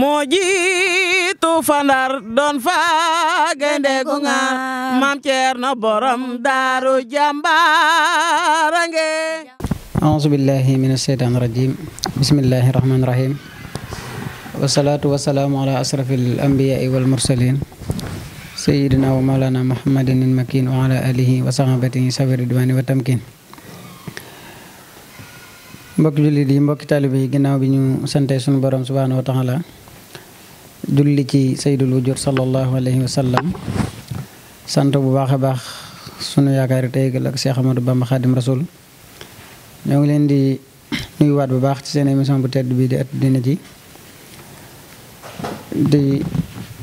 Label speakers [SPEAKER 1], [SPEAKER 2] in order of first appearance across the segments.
[SPEAKER 1] moji tu fandar don doon fagandeku nga maam Ceerno borom daaru jàmbaarange a'udzu billahi minas asheytaan rajim bismillahi rahmaani rahim wasalaatu wasalaamu ala asrafil anbiyaai wal mursalin sayyidina wa maulana muhammadin al makin wa ala alihi wa sahabatihi sabir diwani wa tamkin mbok julli di mbok talibi ginaaw ginnaaw bi ñu sante suñu borom subhanahu wa taala julli ci saydul wujur sallallahu alayhi wa sallam sant bu baax a baax sunu yaakaari teygal ak Cheikh Amadou Bamba Khadim Rasoul ñoo ngi leen di nuyuwaat bu baax ci seen émission bu tedd bii di at dina ji di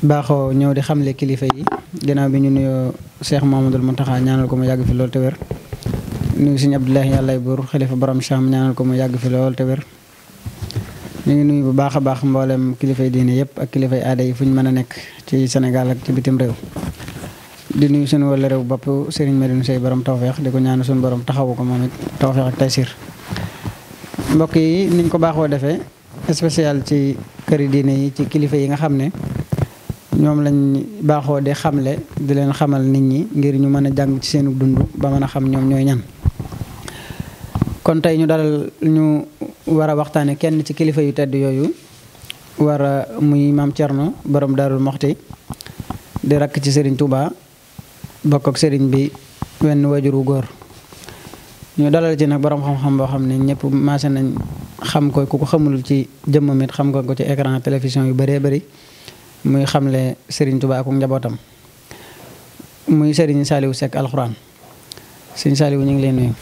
[SPEAKER 1] baaxoo ñëw di xamle kilifa yi ginnaaw bi ñu nuyoo Cheikh mu taxaa ñaanal ko mu yàgg fi lool te wér nuyu Sëriñ Abdoulahi yàllay buur xalifa borom Cham ñaanal ko mu yàgg fi lool te wér ñu ngi nuyu bu baax a baax mboolem kilifay diine yëpp ak kilifay aada yi fu ñu mën a nekk ci Sénégal ak ci bitim réew. di nuyu suñu wala réew bopp Serigne Medoune Seye borom tawfeex di ko ñaanu suñu borom taxawu ko moom it tawféex ak taysir mbokk yi niñ ko baaxoo defee spécial ci këri diine yi ci kilifa yi nga xam ne ñoom lañ baaxoo di xamle di leen xamal nit ñi ngir ñu mën a jàng ci seenu dund ba mën a xam ñoom ñooy ñan kon tey ñu dalal ñu wara waxtane kenn ci kilifa yu tedd yoyu wara muy mam tierno borom derak Moxti di rak ci Serigne Touba bokk ak Serigne bi wenn wajuru gor ñu dalal ci nak borom xam-xam bo xam ñepp ma sa nañ xam ko ku ko xamul ci jëm mit xam ko ci écran télévision yu bari bari muy xamle Serigne Touba ak njabotam muy Serigne saliw sek alcorane Serigne saliw ñu ngi leen nuyu.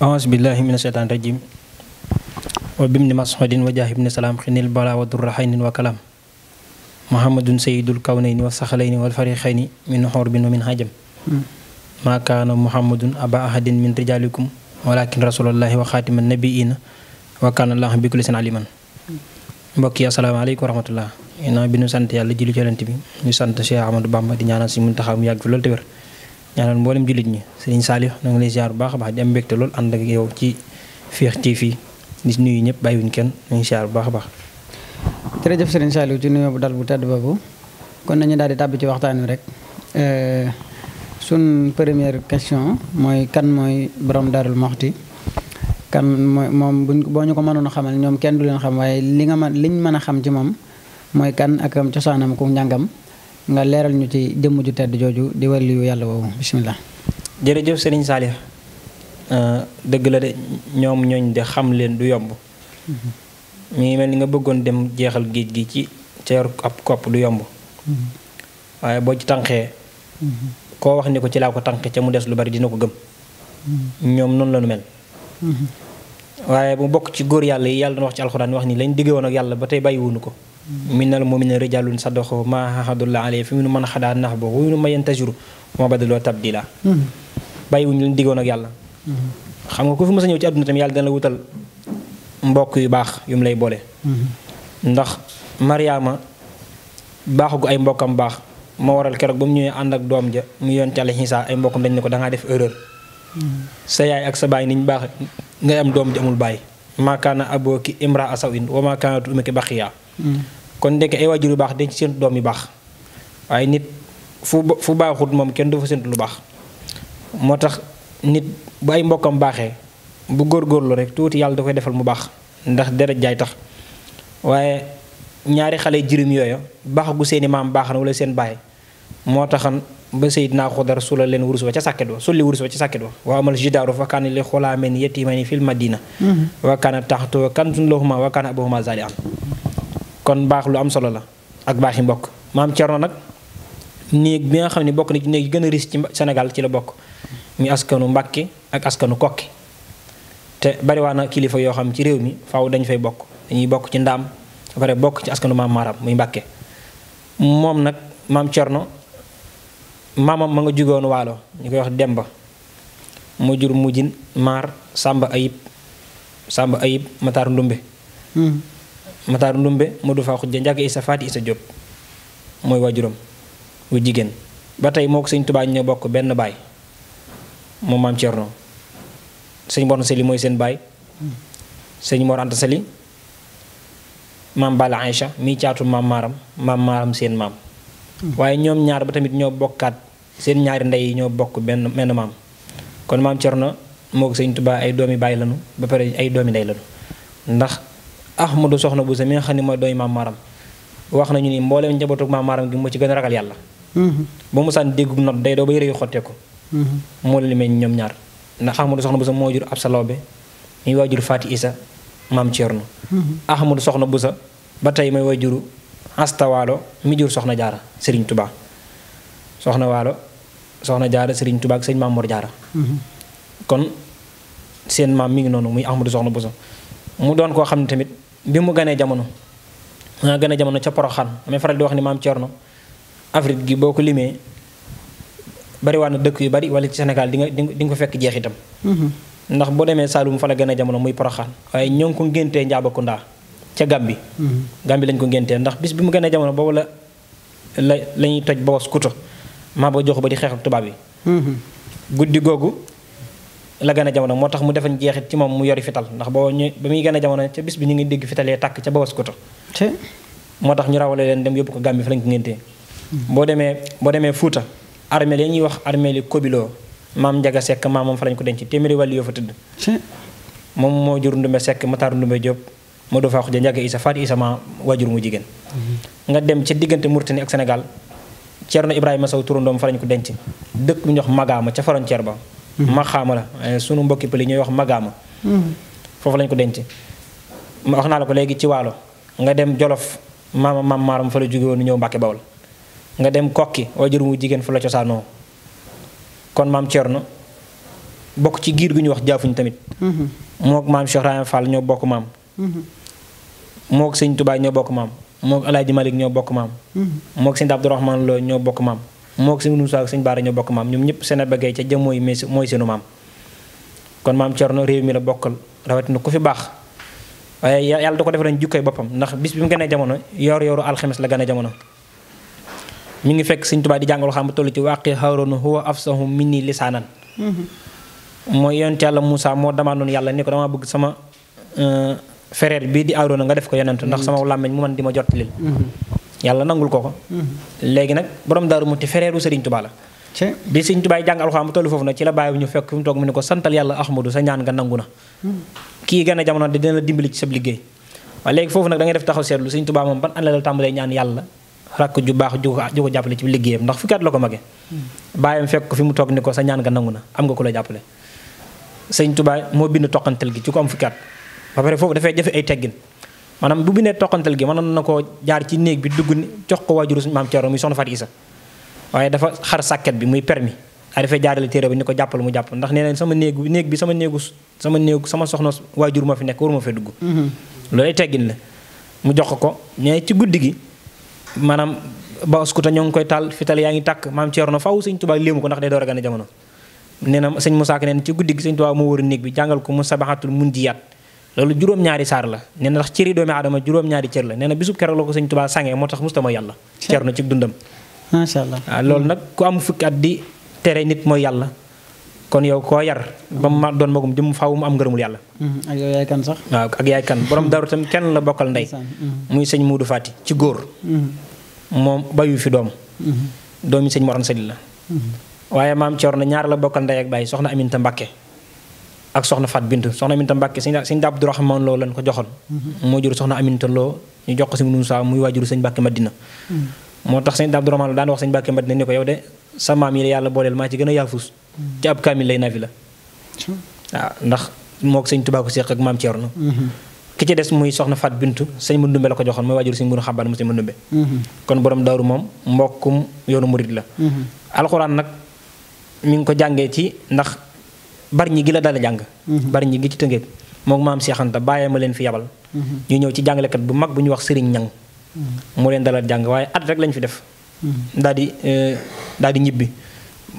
[SPEAKER 2] awuusu billahi minash shaitanir rajim وبمن مسعود وجاه ابن سلام خن البلا والدرحين وكلام محمد سيد الكونين والسخلين والفريخين من حرب ومن هجم ما كان محمد أبا أحد من رجالكم ولكن رسول الله وخاتم النبيين وكان الله بكل شيء عليما بكي السلام عليكم ورحمه الله انا بنو سانت يالله جيلو جالنت بي ني سانت شيخ احمد بامبا دي نانا سي منتخب ياغ في لول تيور نانا مبولم جيلو ني سيرين صالح نغ لي زيار باخ باخ ديم لول اندك يو تي في di nuyu ñep bàyyiwuñ kenn inshallah ngi siyaar bu baax a baax. jërëjëf Serigne Saliou
[SPEAKER 1] ci nuyu bu dal bu tedd boobu kon nañu daal di tàbbi ci waxtaan rek rek eh, sun première question moy kan moy borom darul Mouhty kan mom buñ ko boñu ko mënon xamal ñom kenn du leen xam waye li nga mën liñ mëna xam ci mom moy kan ak am ciosanam ku ñangam nga leral ñu ci jëmm ju tedd jooju di yalla yàlla bismillah
[SPEAKER 2] jere jeuf Serigne salih Euh, dëgg la de ñoom ñooñ de xam leen du yomb
[SPEAKER 1] mm-hmm.
[SPEAKER 2] mi ngi mel ni nga bëggoon dem jeexal géej gi ci ca yor ab kopp du yomb mm-hmm. waaye boo ci tànqee mm-hmm. koo wax ni ko ci laa ko tànqee ca mu des lu bari dina ko gëm ñoom noonu la nu mel waaye mu bokk ci góor yàlla yi yàlla dana wax ci alxuraan wax ni lañ digge woon ak yàlla ba tey bàyyiwunu ko minal mu'minina rijaalun sadaqu maa ahadullah alayhi fa minhum man qadaa nahbahu wa minhum man yantazir wa ma badaloo tabdila bàyyiwuñu lañ diggoon ak xam nga ko fi mës a ñëw ci àdduna tamit yàlla dana wutal mbokk yu baax yu mu lay boole. ndax Mariama baaxagu ay mbokkam baax moo waral keroog ba mu ñëwee ànd ak doom ja mu yoon ca Isa ay mbokkam dañ ne ko da ngaa def erreur. sa yaay ak sa baay niñ baax ngay am doom ja amul baay. maakaana aboo ki imra asawin wa maakaanatu umiki baqiya kon ndeke ay waajur yu baax dañ ci seen doom yu baax waaye nit fu fu baaxut moom kenn du fa séntu lu baax nit bu ay mbokkam baaxee bu góor góorgóorlu rek tuuti yàlla da koy defal mu baax ndax deret jaay tax waaye ñaari xale jirim yooyu baaxagu seeni maam baax na wala seen baay moo taxan ba Seydina Xudar sula leen wurus ba ca sàkket wa sulli wurus ba ca sàkket wa wa amal jidaaru fa kaana li xulaamen yetiimani fil madina mhm. wa kaana taxtu kanzun lahuma wa kaana abuhuma zaalihan kon baax lu am solo la ak baaxi mbokk maam Cerno nag néeg bi nga xam ne bokk na ci néeg yi gën a riis ci la bokk muy askanu Mbàkke ak askanu Kokki te bariwaa a kilifa yoo xam ci réew mi faw dañu fay bokk dañuy bokk ci ndaam ba pare bokk ci askanu maam maaram muy Mbàkke moom nag maam Cerno maamam ma nga jugoon waalo ñu koy wax Demba mu jur mujjin maar Samba Ayib Samba Ayib Matar Ndumbe hmm. Matar Ndumbe Modou Fa Xujja Njaga Isa Faati Isa Jóob mooy waajuram bu jigéen ba tey moo ko sëñ Tubaa ñu bokk benn baay moom mam Thierno seigne Mor seli moy sen bay seigne Mor Anta mam Bala aisha mi tiatu mam maram mam maram sen mam waye ñom ñaar ba tamit ño bokkat sen ñaari ndey ño bokk ben men mam kon mam Thierno ah, mo ko sëñ Tuubaa ay doomi bay lañu ba pare ay doomi ndey lañu ndax Ahmadu soxna bu sa mi moy doy mam maram wax nañu ni mboolem njabootu mam maram gi mo ci gëna ragal yalla hmm bu mu san déggu nopp day do bay reuy moo leen meññ ñoom ñaar ndax Ahmadou Soxna Boussa moo jur ab saloobe muy waajur Faati Isa maam Thierno. Ahmadou Soxna Boussa ba tey may waajuru Asta Waalo mi jur Soxna Jaara sëriñ Touba Soxna Waalo Soxna Jaara sëriñ tubaa ak sëñ Maam Mor Jaara kon seen maam mi ngi noonu muy Ahmadou Soxna Boussa mu doon koo xam ne tamit bi mu ganee jamono nga gane jamono ca Poroxaan amee faral di wax ni maam Thierno Afrique boo ko limee. bari na dëkk yu bari wala ci Sénégal dinga nga di nga ko fekk jeex itam mhm. ndax boo demee Saalum fa la gën a jamono muy Poroxaan waaye ñoo ngi ko ngéntee Njaabacounda ca Gàmbi mhm. Gàmbi lañ ko ngéntee ndax bis bi mu gën a jamono boobu la la la ñuy toj Bawos Kuto maa ba jox ba di xeex tubaab yi mhm. guddi googu la gën a jamono moo tax mu defañ jeexit ci moom mu yori fital ndax boobu ñu ba muy gën a jamono ca bis bi ñu ngi dégg fitalee tàkk ca Bawos Kuto moo tax ñu rawale leen dem yóbbu ko Gàmbi fa lañ ko ngéntee boo demee boo demee Fuuta armeel ya ñuy wax armeeli kobiloo maam Njaga Sekk moom fa lañ ko denc téeméeri wàllu yoo fa tëdd moom moo jur Ndumbe Sekk Matar Ndumbe Diop ma doo faa xuja Njaga Isa Faat Isa ma waajur mu jigéen mhm. nga dem ca diggante Mauritanie ak Sénégal Ceerno Ibrahima Sow turandoom fa lañ ko denc dëkk bu ñuy wax Magaama ca frontière ba mhm. maxaama la eh, sunu mbokki pël yi wax Magaama mhm. foofu lañ ko denc wax naa la ko léegi ci waalo nga dem Jolof maama maam maaram fa la jóge woon ñëw Mbàkke Bawol nga dem kokki jër mu jigéen fu la cosaanoo kon maam Cerno bokk ci giir gi ñuy wax jaafuñ tamit mhm. mook maam Cheikh Ibrahima Fall ñoo bokk maam mhm. mook sëñ Tuubaa ñoo bokk maam mook Alaaji Malik ñoo bokk maam mhm. mook sëñ Abdourahmane Lo ñoo bokk maam mook sëñ Muusaa ak sëñ Baara ñoo bokk maam ñoom ñëpp seen bëggee ca jëm mooy mooy seenu maam kon maam Cerno réew mi la bokk bokkal rawatina ku fi baax waaye yàlla da ko defal lañ jukkay boppam ndax bis bi mu gënee jamono yor yoru alxames la gën a jamono mi ngi fekk sëñ Tuubaa di jàngal xam tollu ci wàqi Haaruna huwa afsahu lisaanan mm-hmm. mooy yonent yàlla Moussa moo demandoon yàlla ni ko dama bëgg sama euh, frère bii di Haaruna nga def ko yonent ndax sama làmmiñ mu man di ma jottalil mm-hmm. yàlla nangul ko ko mm-hmm. léegi nag borom daaru mu ti frère u sëriñ Tuubaa la bi sëñ Tuubaa jàng alxuraan tollu foofu nag ci la bàyyi ñu fekk fi mu toog mu ne ko santal yàlla Ahmadu sa ñaan nga nangu na kii gën a jamono di dina la dimbali ci sab liggéey waaye def taxaw seetlu sëñ Tuubaa moom ban année ñaan yàlla rakk ju baax ju ko jàppale ci liggéeyam ndax fukki at la ko mage bàyyam fekk ko fi mu toog ni ko sa ñaan nga nangu na am nga ko la jàppale sëñ Tuubaa moo bind toqantal gi ci ko am fukki at ba pare foofu dafay jafe ay teggin maanaam bu bindee toqantal gi mënoon na koo jaar ci néeg bi dugg ni jox ko waajuru maam Ceerno muy soxna Faat Isa waaye dafa xar sàkket bi muy permis daa dafay jaarale téere bi ni ko jàppal mu jàpp ndax nee na sama néegu néeg bi sama néegu sama néegu sama soxna waajur ma fi nekk waruma fee dugg mm-hmm. loolu ay teggin la mu jox ko mais ci guddi gi manam ba uskuta ñong ngi koy e taal fital yaangi tak tàkk maam Ceerno faw sëñ Tuubaa léemu ko ndax day doora gane jamono neena seigne musa Musaa Ka ci guddig seigne touba mo moo neeg bi jangal ko musabahatul mundiyat lolu jiyaat ñaari sar la neena na ndax cëri doomi adama juróom-ñaari ciir la neena bisub kero lako seigne touba sangé motax mustama ci dundam allah ku am fukki at di tere nit moy yalla kon yow ko yar ba ma don magum jëm faaw mu am ngërëmul yalla mm-hmm. ak yow yaay kan sax ak yaay kan borom daru tam kenn la bokal ndey mm-hmm. muy seigne moudou fati ci gor mm-hmm mom bayu fi dom mhm. domi seigne Mor sadil la la mam maam na ñaar la bokkal nday ak bay soxna Aminta Mbakke ak soxna Fat bint soxna Aminta Mbakke seigne sëñ Abdu Raxmaan Lo lañ ko joxon mo mhm. jur soxna Aminta Lo ñu jox ko seigne munu saa muy wajur seigne Mbakke Madina mhm. moo tax sëñ Abdu daan wax seigne Madina ne ko yow de sa mam yi la bolel ma ci gëna a yaafus ci ab kamil lay nafi la ndax mok ko sëñ ko ak maam Cerno ki ci dess muy soxna Fat Bintu seigne Mandumbe la lako joxone moy wajur seigne Muru xabbal mu sëñ Mandumbe mm-hmm. kon borom daaru mom mbokum yoonu murid la mm-hmm. alxuraan nak mi ngi ko jangé ci ndax bari ñi gi la dala jang mm-hmm. bar ñi gi ci tëngeej mok maam cheikhanta baye ma len fi yabal ñu ñew ci kat bu mag bu ñu wax serigne ñang mu len dalal jang waye at rek lañ fi def di eh, di ñibbi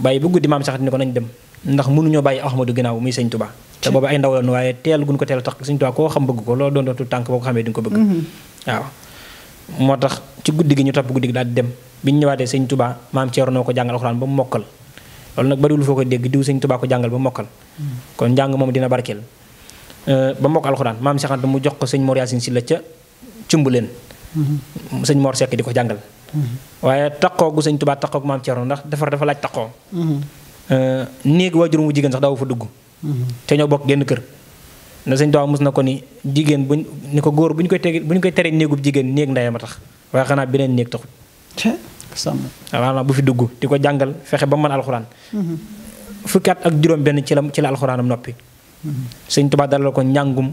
[SPEAKER 2] baye bu guddi maam seexanta ni ko nañ dem ndax ñu baye Ahmadu ginaaw muy seigne touba ta bobu ay ndaw la waaye teel gun ko teel tax señ tuwaa koo xam bëgg ko lo do doon tu tànk boo ko xamee ko bëgg mhm. waaw motax ci guddi gi ñu top guddi gi daal dem biñ ñëwaaté señ tuba maam maam ceernoo ko jàngal alcorane ba mokkal lool nak bari lu foko dégg diw señ tuba ko jangal ba mokkal mhm. kon jang mom dina euh ba mokk alcorane maam Cheikh Anta mu jox ko señ Mor yassine si la ca cumb señ
[SPEAKER 3] mhm.
[SPEAKER 2] sëñ Mor Seck di ko jàngal waaye gu señ tuba takko maam maam ceernoo ndax defar dafa laaj euh neeg wajurum wu jigen sax daaw fa dugg te ñoo bokk génn kër na sëñ Tuubaa mos na ko ni jigéen buñ ni ko góor bu ñu koy tege bu ñu koy teree néegub jigéen néeg ndeyam a tax waaye xanaa beneen néeg taxut waaw bu fi dugg di ko jàngal fexe ba mën alxuraan mm-hmm. fukki at ak juróom benn ci la ci la alxuraanam noppi
[SPEAKER 3] mm-hmm.
[SPEAKER 2] sëñ Tuubaa dalal ko njàngum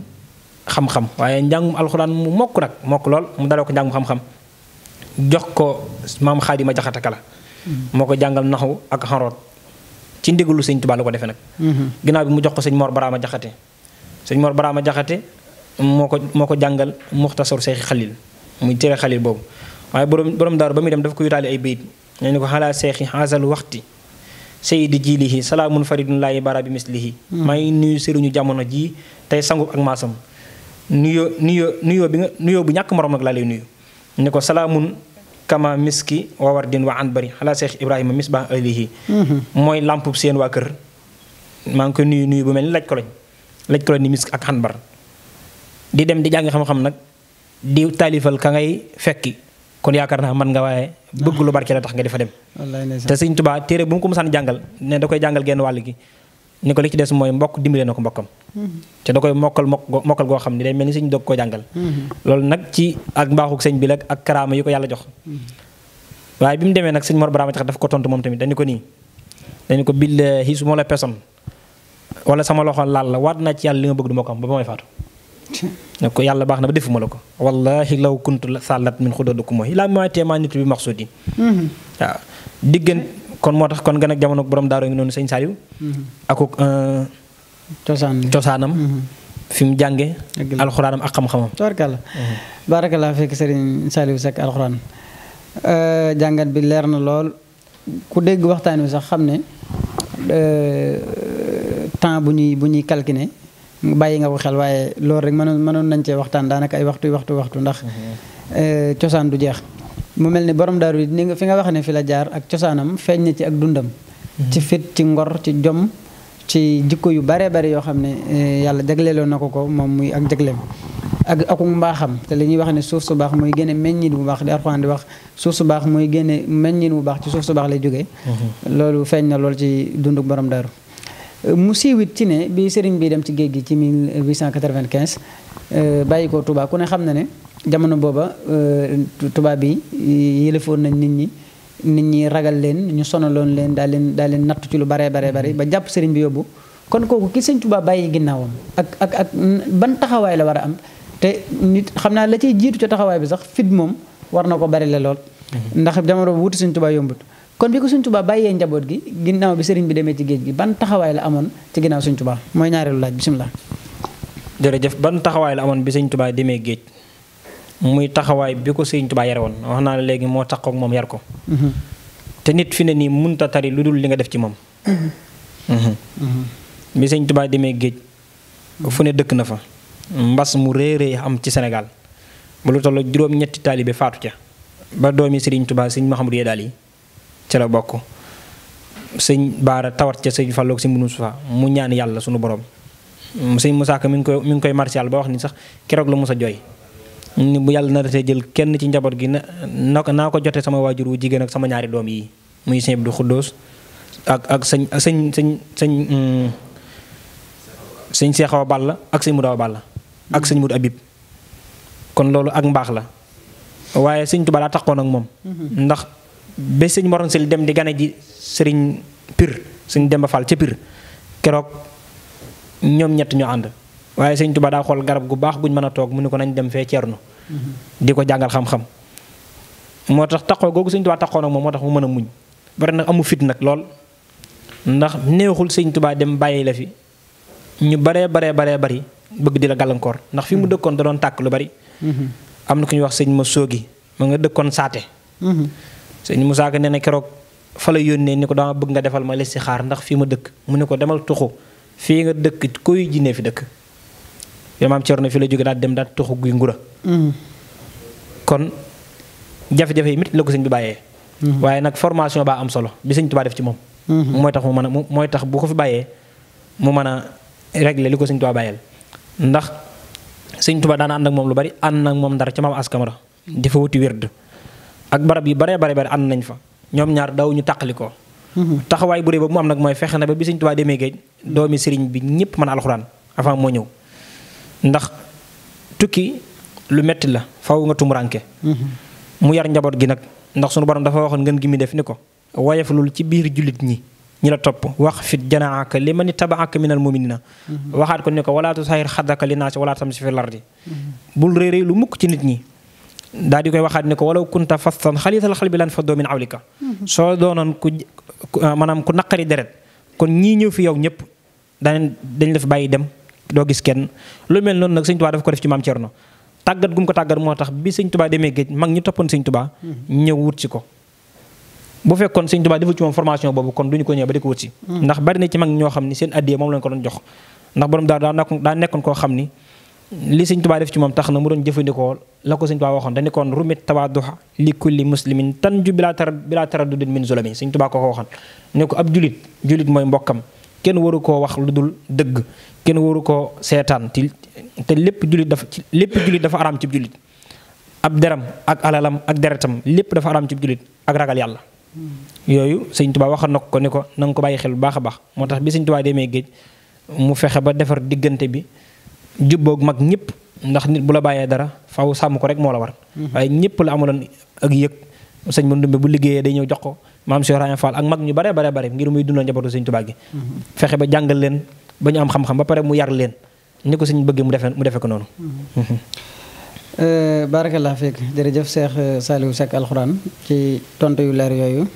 [SPEAKER 2] xam-xam waaye njàngum alxuraan mu mokk nag mokk lool mu dalal ko njàngum xam-xam jox ko maam Xaadima Jaxate Kala mm-hmm. moo ko jàngal naxu ak xaroot ci ndigalu seigne touba lako defé nak hmm ginaaw bi mu jox ko seigne Mor barama Jaxate seigne Mor barama Jaxate moko moko jangal ko seikh Khalil, muy tere khalil bobu waaye borom borom daaru bamuy dem daf ko yutali ay bayit ñu ko hala hazal waqti sayyid jilihi salamun faridun la yabara bi mislihi mhm. may nuyu serunu jamono ji tay sangu ak masam nuyoo nuyoo nuyoo bi nga nuyoo bu ñak morom nak la lay nuyu ko salamun kama miski wa wardin wa anbari ala cheikh ibrahim misbah alihi moy mhm. lampe sen wa keur man ko nuyu nuyu bu mel ni ko lañ laj ko ni misk ak xanbar di dem di jang xam-xam nak di talifal ka ngay fekki kon yakarna man nga waye bëgg lu barke la tax nga difa dem te seigne touba téere bu mu ko musan jangal ne da koy jangal genn gi ni ko li ci dess moy mbokk dimbale nako mbokam mbokkam mm-hmm. te da koy mokal mokal go xamni day melni seigne dog ko jangal mm-hmm. lol nak ci ak mbaxuk seigne bi la ak karama yu ko yalla jox
[SPEAKER 3] mm-hmm.
[SPEAKER 2] waaye bimu mu nak seigne Mor Baraama tax daf ko tontu mom tamit dañ ko ni dañ ko billaahi su la wala sama loxo lal la waat na ci yalla li nga bëgg du mokam ba bamay faatu nak ko yalla baxna ba defuma lako wallahi law kuntu salat min xudoduku mooy ma teemaa nit bi maxsudi waaw digen kon moo tax kon gan ak jamono borom daaro ngi non seigne sayu akuk euh, cosaanam tosan tosanam mm-hmm. fim jange
[SPEAKER 1] alxuraanam ak xam-xamam. tabarkalla mm-hmm. barakallah seigne sayu sak Seck euh jangat bi leer na lool ku deg waxtani sax xamne ne euh, temps bunyi bunyi calculer baye nga ko xel waaye loolu rek manon manon nañ ci waxtan danaka ay waxtu waxtu waxtu ndax mm-hmm. euh, du jeex. mu mel ni borom daaru ni nga fi nga wax ne fi la jaar ak cosaanam feeñ na ci ak dundam mhm. ci fit ci ngor ci jom ci jikko yu bare bare yoo xam ne eh, yàlla jagleeloon na ko ko moom muy ak jagleem ak aku mbaaxam te li ñuy wax ne suuf su baax mooy génne meññin bu baax di Alxuraan di wax suuf su baax mooy génne meññin wu baax ci suuf su baax lay jógee mhm. loolu feeñ na lool ci dunduk borom daaru eh, mu siiwit ci ne bi sëriñ bi dem ci géej gi ci 1895 eh, bàyyi ko Touba ku ne xam na ne jamono booba euh, tubaab yi yëlefoon nañ nit ñi nit ñi ragal leen ñu sonaloon leen daal leen daal leen nattu ci lu baree baree bari ba jàpp sëriñ bi yóbbu kon kooku ki sëñ Tuubaa bàyyi ginnaawam ak ak ak ban taxawaay la war a am te nit xam naa la ciy jiitu ci taxawaay bi sax fit moom war na ko bari la lool mhm. ndax jamono boobu wuti sëñ Tuubaa yombut kon bi ko sëñ Tuubaa bàyyee njaboot gi ginnaaw bi sëriñ bi demee ci géej gi ban taxawaay la amoon ci ginnaaw sëñ Tuubaa mooy ñaareelu laaj bisimilah.
[SPEAKER 2] jërëjëf ban taxawaay la bi sëñ Tuubaa demee géej muy taxawaay bi ko Sëriñ Tuubaa yare woon wax naa la léegi moo tax ak moom yar ko. Mhm. te nit fi ne nii mënut a tari lu dul li nga def ci moom. Mhm. Mhm. bi Sëriñ tubaa demee géej fu ne dëkk na fa mbas mu rëy am ci senegal ba lu toll juróom-ñetti taalibe faatu ca ba doomi Sëriñ tubaa Sëriñ Mahamadou Yadaal yi ca la bokk. sëñ baara tawat ca sëñ Fallu si sëñ Musaa mu ñaan yàlla sunu borom sëñ Musaa Ka mi ngi koy mi ngi koy martial ba wax ni sax keroog la Musaa jooy. ni bu yalla nar see jël kenn ci njabot gi na na ko jotee sama waajur wu ak sama ñaari dom yi muy seigne Abdou Khoudous ak ak seigne seigne seigne seigne cheikh Seexawa Balla ak seigne Mudawa Balla ak seigne Mud Abib kon lolu ak mbax la waye seigne Tuubaa la takkon ak mom
[SPEAKER 3] mm-hmm.
[SPEAKER 2] ndax be seigne Moron sel dem di gané di seigne Pir seigne Demba Fall ci Pir kérok ñom ñet ñu and waaye sëñ Tuubaa daa xool garab gu baax guñ mën a toog mu ne ko nañ dem fee cernu di ko jàngal xam-xam moo tax taxoo googu sëñ Tuubaa taxoo nag moom moo tax mu mën a muñ bari nag amul fit nag lool ndax neexul sëñ Tuubaa dem bàyyi la fi ñu baree baree baree bari bëgg di la gàllankoor ndax fi mu mhm. dëkkoon da doon tàkk lu bari mhm. am na ku ñuy wax sëñ ma soogi ma nga dëkkoon saate mhm. sëñ mu Ka nee na keroog fa la yónnee ni ko daa bëgg nga defal ma listixaar ndax fi ma dëkk mu ne ko demal tuxu fii nga dëkk koy jinne fi dëkk maam Cerno fi la jóge daal dem da taxu guy ngura mm. kon jafe-jafe mit la ko señ bi bayé mm-hmm. waaye nak formation ba am solo bi señ Tuubaa def ci mom moy mm-hmm. tax mo meuna moy tax bu ko fi bayé mu meuna régler li ko sëñ Tuubaa bàyyeel ndax sëñ da na and ak mom lu bari ànd nak mom ndar ci mam askamara di fa wuti werd ak barab yi bare bare bare ànd nañ fa ñom ñaar daw ñu tàqali
[SPEAKER 3] mm-hmm.
[SPEAKER 2] taxaway bu reeb am nag moy fexena ba bi señ Tuubaa démé geej doomi señ bi ñepp man alcorane avant mo ñew ndax tukki lu metti la faw nga tumuranke mm-hmm. mu yar njaboot gi nag ndax sunu borom dafa waxoon ngeen gi mi def ni ko wayafalul ci biir jullit ñi ñi la topp wax fit janaaka li ma ni tabaaka minal na mm-hmm. waxaat ko ni ko wala tusaahir xadaka li naasi wala tamsi fi lardi mm-hmm. bul réeréy lu mukk ci nit ñi daal di koy waxaat ni ko walaw kunta fastan xal bi lan faddoo min awlika soo doonoon ku maanaam ku naqari deret kon ñii ñëw fi yow ñëpp danañ dañ la fi dem doo gis kenn lu mel noonu nag sëñ Tuubaa dafa ko def ci maam Cerno tàggat gum ko tàggat moo tax bi sëñ tubaa demee géej mag ñi toppoon sëñ Tuubaa mhm. ñëw wut si ko bu fekkoon sëñ Tuubaa defu ci moom boobu kon du ko ñëw ba mhm. ndax bari na ci mag ñoo xam ni seen moom lañ ko doon jox ndax borom daa nekkoon daa nekkoon koo xam ni li sëñ Tuubaa tax na mu doon jëfandikoo la ko sëñ Tuubaa waxoon dañu koon rumit tawaaduxa li kulli muslimin tanju bilaa tara bilaa taraddudin min zulami sëñ Tuubaa ko ko waxoon ne ko ab julit julit mooy mbokkam ken waru wax lu dul dëgg kenn waru koo seetaan te lepp julit dafa lepp julit dafa aram ci julit ab deram ak alalam ak deretam lepp dafa aram ci julit ak ragal yalla yoyu seigne touba waxa nok ko niko nang ko baye xel bu bi seigne touba demé geej mu fexé ba defar digënté bi jubboog mag ñepp ndax nit bu la baye dara faaw sam ko rek mo la war mhm. waye ñepp la amulon ak seigne mo ndumbe bu liggéey day ñew jox ko maam Cheikh Ibrahima Fall ak mag ñu bare bare bare ngir muy dundal njabootu seigne touba gi fexé ba jangal leen ba am xam-xam ba pare mu yar leen ni ko seigne bëgge mu defé mu defé ko euh barakallah dere jeuf Cheikh euh, Saliou sek alxuraan
[SPEAKER 1] ci tontu yu leer yoyu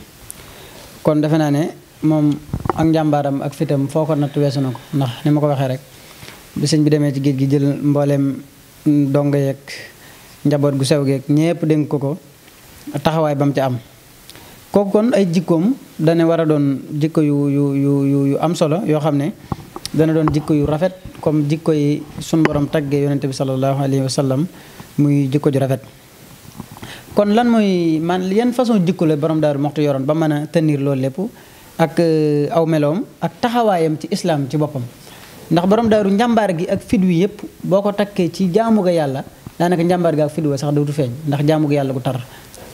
[SPEAKER 1] kon defé na né mom ak njàmbaaram ak fitam foko nat wessu nako na ko ndax ni ma ko waxee rek bi seigne bi démé ci geej gi jël mbolém dongay ak njabot gu sew geeg ñepp deng ko ko taxaway bam ci am kooku kon ay jikkom dana waradon don jikko yu yu yu yu am solo yo xamne dana don jikko yu rafet comme jikko yi sun borom tagge yonnate bi sallallahu alayhi wa sallam muy jikko ju rafet. kon lan muy man liyan façon jikko le borom daaru moxtu yoron ba meuna tenir lol lepp ak euh, aw melom ak taxawayam ci islam ci bopam ndax borom daaru njambar gi ak fit yep boko takke ci jaamu ga yalla danaka njambar gi ak fit wa ndax jaamu ga yalla gu tar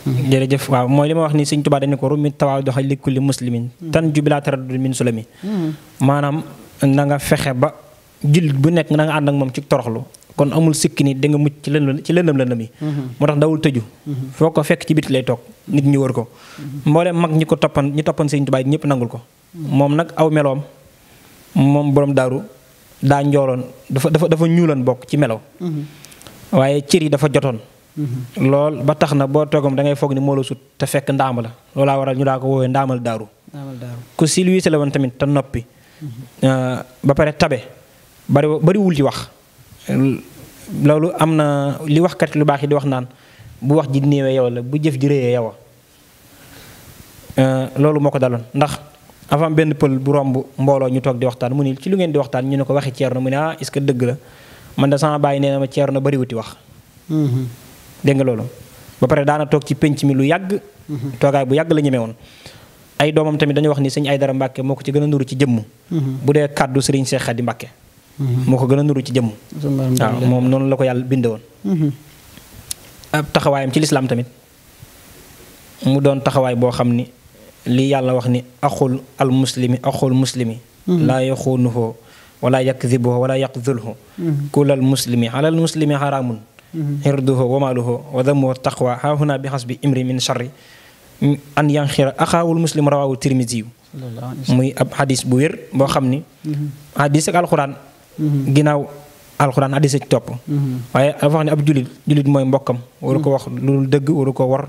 [SPEAKER 2] jërëjëf waaw moy lima wax ni seigne touba dañ ko rumi tawaaw doxal li kulli muslimin tan jubila taraddud min sulami manam na nga fexe ba jul bu nek na nga and ak mom ci toroxlu kon amul sikini de da nga mucc ci len ci lëndëm lëndëm yi moo dawul teju foko fek ci bit lay tok nit ñi wër ko mbolé mag ñi ko topan ñi topan seigne touba ñepp nangul ko mom nak aw melom mom borom daru da njooloon dafa dafa dafa bok ci melo mhm. waaye ciri dafa jotone lool ba tax na boo toogam da ngay foog ni moo la sut te fekk ndaama la loolaa waral ñu daa ko woowee ndaamal daaru ku silwiise la woon tamit te noppi euh, ba pare tabe bari bariwul ci wax loolu am na li waxkat lu baax yi di wax naan bu wax ji néewee yow la bu jëf ji réyee yow euh, loolu moo ko daloon ndax avant benn pël bu romb mbooloo ñu toog di waxtaan mu ni ci lu ngeen di waxtaan ñu ne ko waxi ceerno mu ne ah est-ce que dëgg la man de sama bàyyi nee na ma ceerno bariwuti wax mm-hmm. dégg nga loolu ba pare daana toog ci pénc mi lu yàgg mhm. toogaay bu yàgg la ñeme woon ay doomam tamit dañu wax ni sëñ dara Mbàkke moo ko ci gën a nuru ci jëmm mhm. bu dee kàddu sëriñ Seex Xadi Mbàkke moo ko gën a nuru ci jëmm moom noonu la ko yàlla bind woon mhm. taxawaayam ci lislaam tamit mu doon taxawaay boo xam ni lii yàlla wax ni axul al muslimi axul muslimi laa yaxuunuhu wala yakdibuhu wala yaqdulhu kulal muslimi alal muslimi xaraamun عرضه وماله وذمه والتقوى ها هنا بحسب امر من شر ان ينخر اخاه المسلم رواه الترمذي موي حديث بوير بو خامني حديث القران غيناو القران حديث توب واي افاني اب جوليت جوليت موي مبوكم وركو واخ لول دغ وركو وار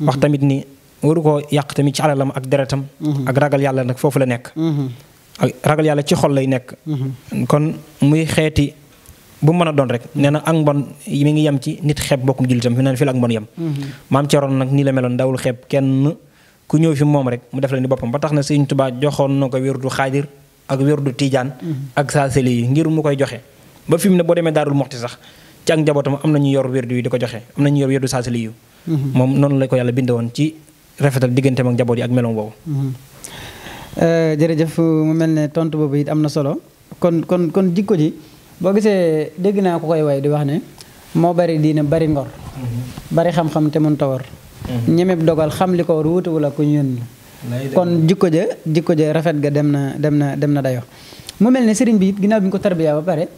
[SPEAKER 2] واخ تاميت ني وركو ياق تاميت على لام اك دراتام اك راغال يالا نك فوفو لا نيك راغال يالا تي خول لاي نيك كون موي خيتي bu mën a doon rek nee na ak mbon mi ngi yem ci nit xeeb bokkum jullitam fi neen fi la ak mbon yem mhm. maam Ceroon nag nii la meloon dawul xeeb kenn ku ñëw fi moom rek mu def la ni boppam ba tax na Sëriñ mhm. ngir mu koy joxe ba fi mu ne boo demee daarul moxti sax ci ak njabootam am na ñu yor wirdu yi di ko joxe am na ñu yor wirdu saa seli yu mhm. moom noonu la ko yàlla binde woon ci rafetal digganteem ak njaboot yi ak meloom woowu
[SPEAKER 1] euh, jërëjëf mu mel ne tontu boobu it am na solo boo gisee dégg naa ko koy way di wax ne moo bari diine bari ngor mhm. bari xam-xam te mun tawar mhm. bi dogal xam li ko war wuute wala ku ñun kon jikko ja jikko ja rafet ga dem na dem na dem na dayo mu mel ne sëriñ bi it ginnaaw bi ñu ko tarbiya ba pare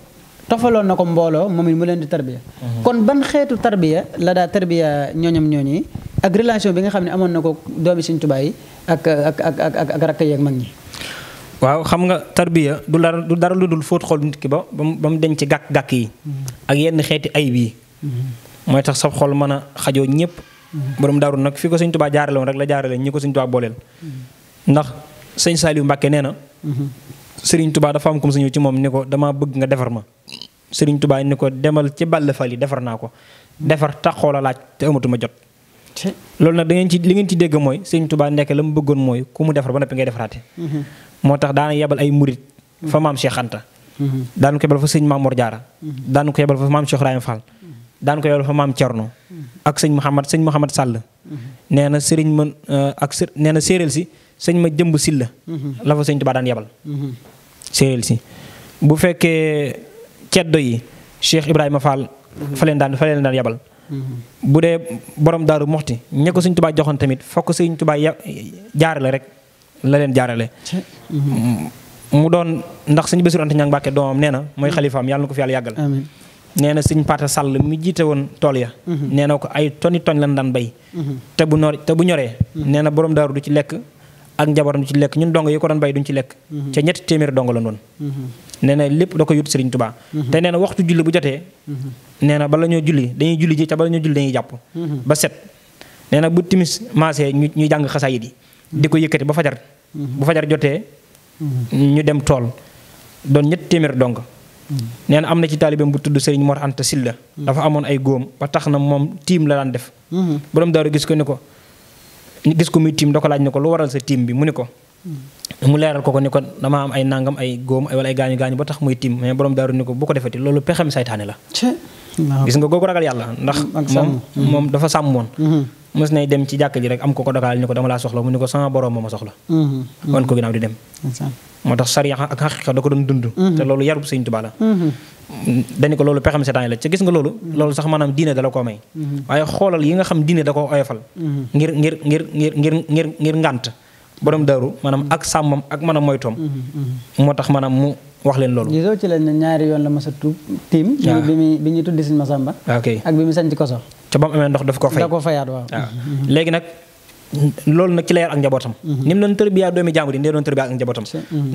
[SPEAKER 1] tofaloon na ko mbooloo moom it mu leen di tarbiya mhm. kon ban xeetu tarbiya la daa tarbiya ñooñam ñooñi ak relation bi nga xam ne amoon na ko doomi Sëriñ tubaay yi ak ak ak ak ak rakk yeeg mag ñi
[SPEAKER 2] waaw xam nga tarbiya du dara du dara lu dul fóot xol nit ki ba ba mu denc gàkk-gàkk yi. Mm-hmm. ak yenn xeeti ayib yi. Mm-hmm. mooy tax sa xol mën a xajoo ñëpp. Mm-hmm. borom daru nag fi ko sëñ Tuubaa jaarale rek la jaarale ñi ko sëñ Tuubaa ndax sëñ Saliou Mbacke nee na. Serigne Touba dafa am comme sa ci moom ni ko damaa bëgg nga defar ma. Serigne tubaa ni ko demal ci bàll fal yi defar naa ko. defar taxoo la laaj te amatuma jot. loolu nag da ngeen ci li ngeen ci dégg mooy Serigne Touba nekk la mu bëggoon mooy ku mu defar ba noppi ngay defaraate. moo tax daana yebal ay murit fa maam Cheikh Anta mhm. daanu ko yebal fa sëñ Mamour Diarra mhm. daanu ko yebal fa maam Cheikh Ibrahima Fall mhm. daanu ko yebal fa maam Thierno nee na sëriñ ma eh, ak nee na si sëñ ma jëmb silla la fa sëñ Tuubaa daan si bu fekkee ceddo yi Ibrahima Fall fa leen daan fa leen daan bu dee borom daaru moxti ña ko sëñ Tuubaa joxoon tamit fokk sëñ Tuubaa jaare la rek la leen jaarale
[SPEAKER 3] mm-hmm.
[SPEAKER 2] mu doon ndax sëñ Bassirou Anta Niang Mbacke doomam nee na mooy mm-hmm. xalifaam yàlla na ko fi yàlla yàggal nee na sëñ Pata Sall mi jiite woon tool ya mm-hmm. nee na ko ay toni toñ lañ daan bay te bu nor te bu ñoree nee na borom daaru du ci lekk ak njabootam du ci lekk ñun dong yi ko doon bay duñ ci lekk ca ñetti téeméer dong la woon nee na lépp da ko yut Serigne Touba te nee na waxtu julli bu jotee nee na bala ñoo julli dañuy julli ji ba bala ñoo julli dañuy jàpp ba set nee na bu timis maasee ñu ñuy jàng xasaayid yi di ko yëkkati ba fajar mhm. bu fajar jotee mhm. ñu dem tool doon ñett téeméer dong mhm. neen na am na ci taalibeem bu tudd Serigne Mor Anta Silla dafa amoon ay góom ba tax na moom tiim la daan def boroom daaru gis ko ni ko gis ko muy tiim da ko laaj ni ko lu waral sa tiim bi mu ni ko mu leeral ko ko ni ko dama am ay nangam ay góom wala ay gaañu gaañu ba tax muy tiim mais borom daaru ni ko bu ko defee ti loolu pexem saytaane la gis nga googu ragal yàlla ndax mm, moom dafa sàmmoon mës nay dem ci jàkk ji rek am ko ko dokaal ni ko dama laa soxla mu ni ko sama borom ma soxla
[SPEAKER 3] wan ko
[SPEAKER 2] ginnaaw di dem moo tax sariya ak xaqiqa da ko doon dund mhm. te loolu yarub sëñ Tuubaa la mhm. dañu ko loolu pexam setaan la ca gis nga loolu mhm. loolu sax maanaam diine dala koo may waaye xoolal yi nga xam diine da ko oyofal ngir ngir ngir ngir ngir ngir ngir ngànt borom daaru maanaam ak sàmmam ak mën a moytoom moo tax maanaam mu wax leen loolu
[SPEAKER 1] gisoo ci leen ñaari yoon la mas a tuub tiim ah. bi bi
[SPEAKER 2] ñuy si sëñ Masamba ah, ak bi mu sanc koso ca ba mu amee ndox daf koo fay da koo ah. léegi nag loolu nag ci la yar ak njabootam mhm. ni mu doon tërbiyaa doomi jàmbur yi ndee doon tërbiyaa ak njabootam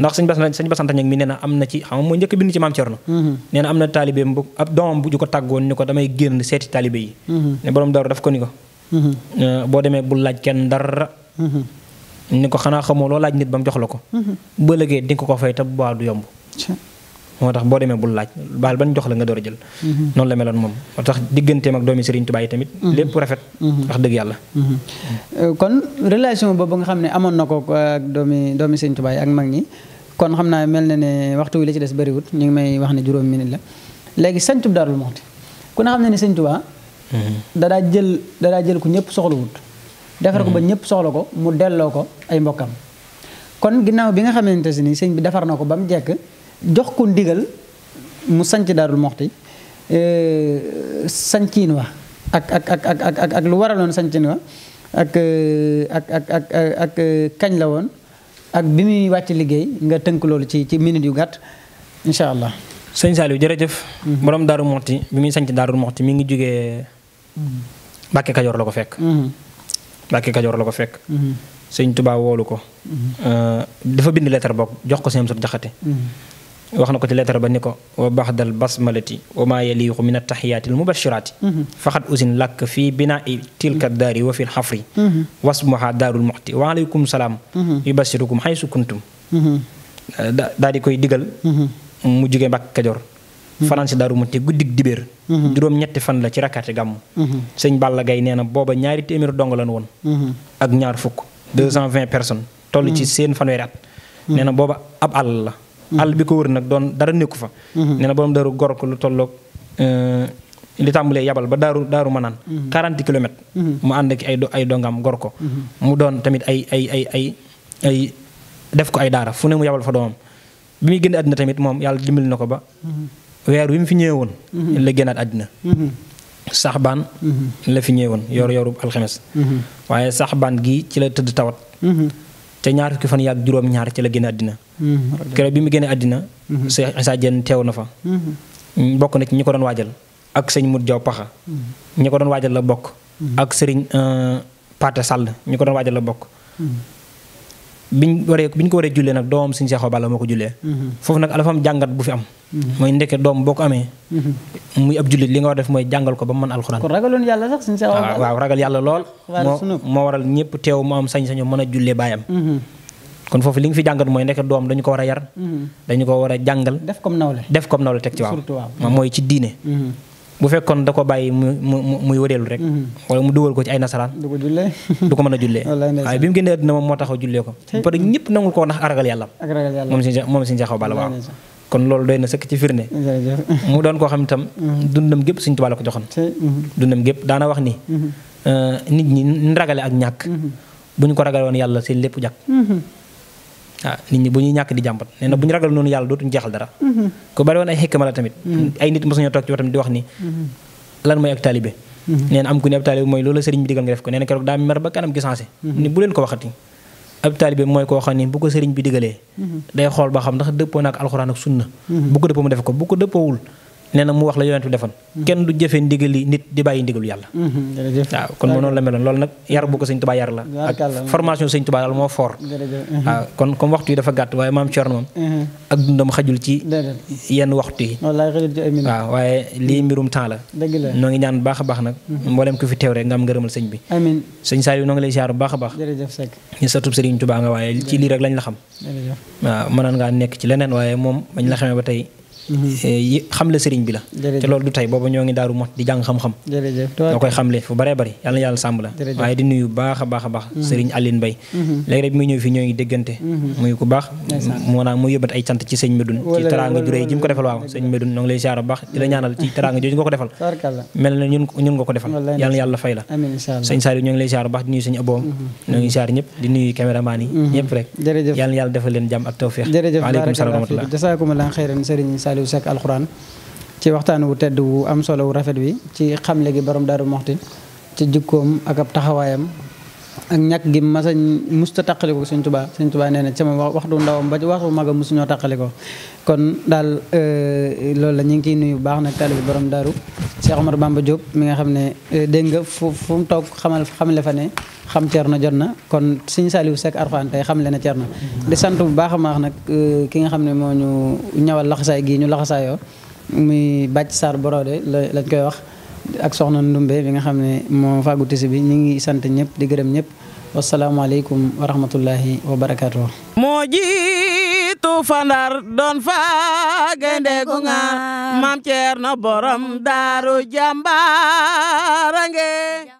[SPEAKER 2] ndax mhm. sëñ bas sëñ mi nee na am na ci xam nga mooy njëkk bind ci maam Cerno mhm. nee na am na taalibeem bu ab doomam bu ju ko tàggoon ni ko damay génn seeti taalibe yi ne borom daru daf ko ni ko euh, boo demee bu laaj kenn dara ni ko xanaa xamoo loo laaj nit ba mu jox la ko ba léegi di ko ko fay te bu baax du yomb moo tax boo demee bul laaj baal ban jox la nga door a jël mm-hmm. noonu la meloon moom moo tax digganteem ak doomi Serigne Touba yi tamit mm-hmm. lépp rafet mm-hmm. wax dëgg yàlla
[SPEAKER 1] euh, kon relation boobu nga xam ne amoon na ko ak doomi doomi Serigne Touba ak mag ñi kon xam naa mel na ne waxtu wi la ci des bariwut ñu ngi may wax ne juróom mi minute la léegi sañcub Daarul Muxti ku ne xam ne ne Serigne Touba dadaa jël dadaa jël ku ñëpp soxlawut defar ko ba ñëpp soxla ko mu delloo ko ay mbokkam kon ginnaaw bi nga xamante si ni sëñ bi defar na ko ba mu jekk jox ko ndigal mu sanc daarul moxti eh, sanciin wa ak ak ak ak lu waraloon sanciin wa eh, ak ak ak ak ak eh, kañ la woon ak bi muy wàcc liggéey nga tënk
[SPEAKER 2] loolu ci ci minute yu gàtt incha allah. sëñ Saliou jërëjëf. Mhm. borom daarul moxti bi muy sanc daarul moxti mi ngi jugee mhm. Mbàkke Kajoor la ko fekk. Mhm. Mbàkke Kajoor la ko fekk. sëñ Tuubaa woolu ko. dafa bind lettre bokk jox ko sëñ Amsatu Jaxate wax na ko ci lettre ba ni ko wa baxdal basmalati wa maa yaliqu min attaxiyaati almubashiraati mhm. faxat usin làkk fii binaai tilka daari wa fi lxafri mhm. wasmoha daarul muxti wa aleykum salaam mhm. yubashirukum xaysu kuntum daal di koy digal mu jóge Mbàkke Kajoor fanaan si daaru muxti guddig dibéer juróom ñetti fan la ci rakkaati gàmm sëñ Balla Gaye nee na booba ñaari téeméer dong lan woon ak ñaar fukk deux cent vingt personnes toll ci seen fanweeri at nee na booba ab àll la àll bi ko wër nag doon dara nekku fa. nee na borom daru gor ko lu tolloog li tàmbalee yabal ba daaru daaru manaan. 40 kilomètres. mu ànd ak ay do ay dongam gor ko. mu doon tamit ay ay ay ay ay def ko ay daara fu ne mu yabal fa doomam bi muy génn àddina tamit moom yàlla dimbali na ko ba. weer wi mu fi ñëwee woon. la génnaat àddina. sax baan la fi ñëwee woon yor yoru alxemes. waaye sax baan gii ci la tëdd tawat. te ñaar fukki fan yàgg juróom-ñaar ci la génn àddina mm-hmm. keroog bi mu génne àddina Cheikh Issa Diène teew na fa
[SPEAKER 3] mm-hmm.
[SPEAKER 2] bokk na ci ñu ko doon waajal ak sëñ Mut Jaw Paxa
[SPEAKER 3] mm-hmm.
[SPEAKER 2] ñi ko doon waajal la bokk ak sëriñ euh, Paate Sàll ñu ko doon waajal la bokk biñ waree biñ ko waree jullee nag doom suñu seexoo bala moo ko jullee mhm. foofu nag dafa am jàngat bu fi am mhm. mooy ndekke doom boo ko amee mhm. muy ab jullit li nga war def mooy jàngal ko ba mu mën alxuraan kon
[SPEAKER 1] ragaloon yàlla sax suñu seexoo
[SPEAKER 2] balla yàlla lool moo moo waral ñëpp teew mu sañ-sañu mën a jullee baayam kon foofu li nga fi jàngat mooy nekk doom dañu ko war a yar dañu ko war a jàngal def comme nawle teg ci waaw mooy ci diine bu fekkoon da ko bàyyi mu mu muy wëreelu rek. wala mu dugal ko ci ay nasaraan. du ko jullee du ko mën a jullee. waaye bi mu génnee àddina moom moo taxaw jullee ko. ba pare ñëpp nangul ko ndax aragal yàlla.
[SPEAKER 1] ak ragal yàlla moom si
[SPEAKER 2] moom si njaxaw bala waaw. kon loolu doy na sëkk ci firnde. mu doon koo xam itam. dundam gépp suñu tubaab la ko joxoon. dundam gépp daana wax ni. nit ñi nragale ak ñàkk. bu ñu ko ragaloon yàlla seen lépp jàkk. Ah, nit ñi bu ñuy ñàkk di jàmbat nee na bu ñu ragal noonu yàlla dootuñu jeexal dara mhm. ku bari woon ay xekkama la tamit mhm. ay nit mosuñu toog ci watam di wax ni mhm. lan mooy ak talibé nee am ku ne ab talibé mooy loolu sëriñ bi digal nga def ko nee na keroog daa mer ba kanam gi sensé ni bu leen ko waxati ab talibé mooy koo xam ni bu ko sëriñ bi digalee day xool ba xam ndax dëppoo ak sunna bu ko dëppoo mu def ko bu ko dëppoowul nee na mu wax la yonent bi defoon kenn du jëfee ndigali nit di bàyyi ndigalu yàlla mhm, waaw kon moo noonu la meloon loolu nag yar bu ko sëñ tubaa yar la ak formation sëñ tubaa daal moo fort
[SPEAKER 1] waaw mhm.
[SPEAKER 2] kon comme waxtu yi dafa gàtt waaye maam Cerno moom mhm. ak la noo baax a baax nag mboolem ku fi teew rek nga am ngërëmal sëñ bi amiin sëñ Saliou noo ngi lay ziar bu baax a baax ñu satub sëriñ tubaa nga waaye ci lii rek lañ la xam waaw mënoon ngaa nekk ci leneen waaye moom bañ la xamee ba Mm-hmm. Eh, xam la sëriñ bi la te loolu du tey booba ñoo ngi daaru mot di jàng xam-xam da koy xamle fu baree bari yàlla yàlla sàmm la waaye di nuyu baax a baax a baax mm-hmm. sëriñ Aline Mbaye
[SPEAKER 3] mm-hmm. léegi
[SPEAKER 2] rek bi muy ñëw ci sëñ Medoune ci ji mu ko
[SPEAKER 1] defal
[SPEAKER 2] mel na ñun nga ko defal yàlla yàlla fay la sëñ Saliou ñoo ngi lay siyaar baax di nuyu sëñ Aboom ñoo ngi siyaar ñëpp di nuyu caméraman yi ñëpp rek yàlla yàlla defal leen jàmm ak tawfeex waaleykum salaam
[SPEAKER 1] wa rahmatullah Saliou Seck alxuraan ci waxtaan wu tedd wu am solo wu rafet wi ci xamle gi borom Daaru Muxti ci jikkoom ak ab taxawaayam ak ñàkk gi masa musta taqaliko sëñ tubaa sëñ tubaa nee na sama waxtu ndawam ba a maga musuñoo taqaliko kon daal euh, loolu la ñu ngi ciy nuyu bu baax nag taalibi borom daaru Cheikh Omar Bamba Diop mi nga xam ne euh, dégg nga fu fu mu toog xamal xamle fa ne xam na jot na kon sëñ Saliou Seck Arfane tey xamle na Thierno di sant bu baax a baax nag euh, ki nga xam ne moo ñu ñawal laxasaay gii ñu laxasaayoo muy bàcc Sarr Borode la lañ koy wax ak soxna Ndumbe bi nga xam ne moo fàggu tisi bi ñu ngi sant ñëpp di gërëm ñëpp wasalaamaaleykum wa rahmatullahi wa barakaatu.
[SPEAKER 2] moo jiitu
[SPEAKER 1] fandar doon faa gaynde gu nga maam Ceerno borom daaru jàmbaara